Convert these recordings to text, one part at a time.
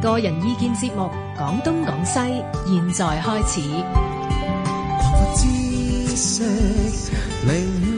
個人意見節目《講東講西》，現在開始。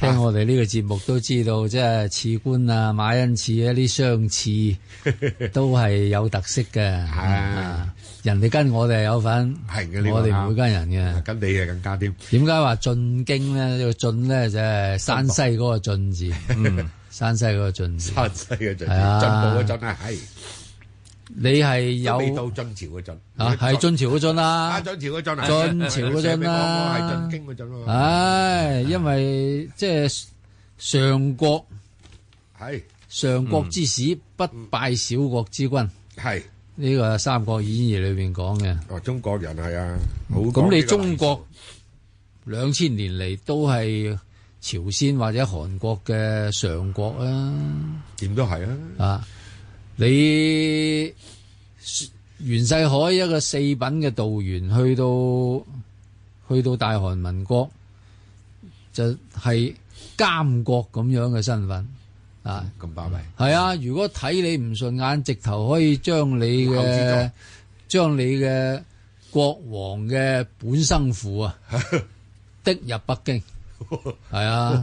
聽我哋呢個節目都知道，即係賜官啊、馬恩賜一啲雙賜，相刺都係有特色嘅。係、 嗯、人哋跟我哋有份， 我哋唔會跟人嘅。 跟你啊，更加添。點解話進京咧？要進咧，就係、是、山西嗰個進字、 嗯。山西嗰個進字。 山西嘅進字。係 啊。進步嘅進係。你係有到晉朝嗰陣啊？係晉朝嗰陣啊，晉朝嗰陣，晉朝嗰陣啦，係晉京嗰陣咯。唉，因為即係上國係上國之使不敗小國之君，係呢個《三國演義》裏邊講嘅。哦，中國人係啊，咁你中國兩千年嚟都係朝鮮或者韓國嘅上國啊？點都係啊！啊！你袁世凱一個四品嘅道員，去到去到大韓民國就係、是、監國咁樣嘅身份、嗯、啊！咁巴閉係啊！如果睇你唔順眼，直頭可以將你嘅將你嘅國王嘅本生父啊，滴 入北京係啊！